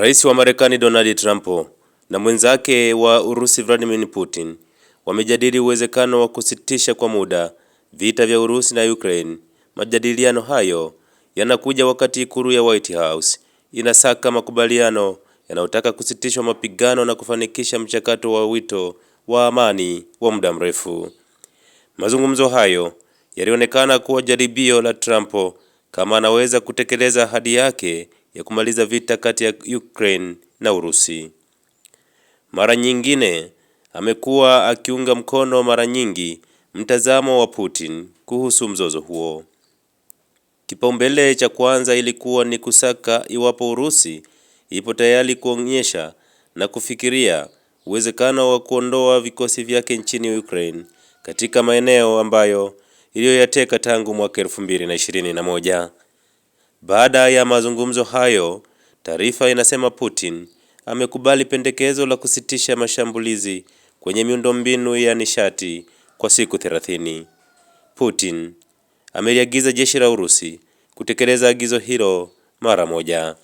Rais wa Marekani Donald Trump na mwenzake wa Urusi Vladimir Putin wamejadili uwezekano wa kusitisha kwa muda vita vya Urusi na Ukraine. Majadiliano hayo yanakuja wakati ikulu ya White House inasaka makubaliano yanayotaka kusitishwa mapigano na kufanikisha mchakato wa wito wa amani wa muda mrefu. Mazungumzo hayo yalionekana kuwa jaribio la Trump kama anaweza kutekeleza ahadi yake ya kumaliza vita kati ya Ukraine na Urusi. Mara nyingine amekuwa akiunga mkono mara nyingi mtazamo wa Putin kuhusu mzozo huo. Kipaumbele cha kwanza ilikuwa ni kusaka iwapo Urusi ipo tayari kuonyesha na kufikiria uwezekano wa kuondoa vikosi vyake nchini Ukraine katika maeneo ambayo iliyoyateka tangu mwaka 2021. Baada ya mazungumzo hayo, taarifa inasema Putin amekubali pendekezo la kusitisha mashambulizi kwenye miundombinu ya nishati kwa siku 30. Putin ameliagiza jeshi la Urusi kutekeleza agizo hilo mara moja.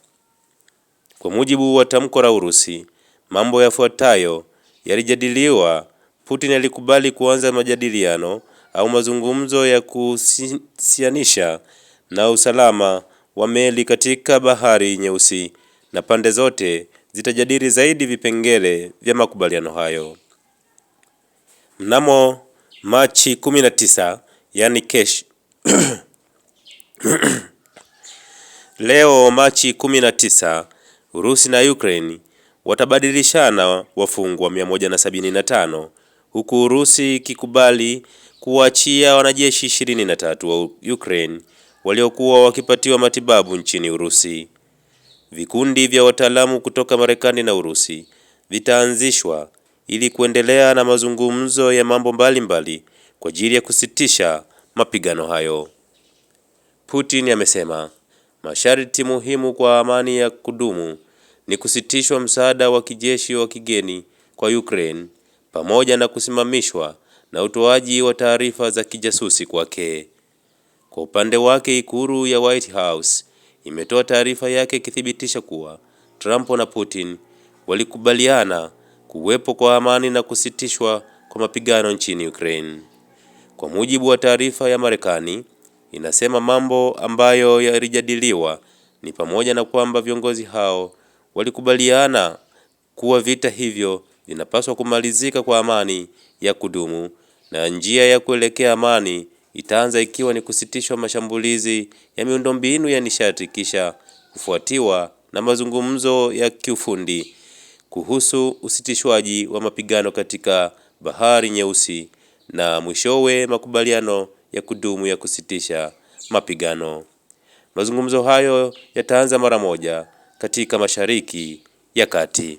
Kwa mujibu wa tamko la Urusi, mambo yafuatayo yalijadiliwa. Putin alikubali kuanza majadiliano au mazungumzo ya kuhusianisha na usalama wa meli katika Bahari Nyeusi na pande zote zitajadili zaidi vipengele vya makubaliano hayo. Mnamo Machi 19, yani kesh leo Machi 19, Urusi na Ukraine watabadilishana wafungwa 175 huku Urusi ikikubali kuachia wanajeshi 23 wa Ukraine waliokuwa wakipatiwa matibabu nchini Urusi. Vikundi vya wataalamu kutoka Marekani na Urusi vitaanzishwa ili kuendelea na mazungumzo ya mambo mbalimbali mbali kwa ajili ya kusitisha mapigano hayo. Putin amesema masharti muhimu kwa amani ya kudumu ni kusitishwa msaada wa kijeshi wa kigeni kwa Ukraine pamoja na kusimamishwa na utoaji wa taarifa za kijasusi kwake. Kwa upande wake ikulu ya White House imetoa taarifa yake ikithibitisha kuwa Trump na Putin walikubaliana kuwepo kwa amani na kusitishwa kwa mapigano nchini Ukraine. Kwa mujibu wa taarifa ya Marekani, inasema mambo ambayo yalijadiliwa ni pamoja na kwamba viongozi hao walikubaliana kuwa vita hivyo vinapaswa kumalizika kwa amani ya kudumu na njia ya kuelekea amani itaanza ikiwa ni kusitishwa mashambulizi ya miundombinu ya nishati kisha kufuatiwa na mazungumzo ya kiufundi kuhusu usitishwaji wa mapigano katika Bahari Nyeusi na mwishowe makubaliano ya kudumu ya kusitisha mapigano. Mazungumzo hayo yataanza mara moja katika Mashariki ya Kati.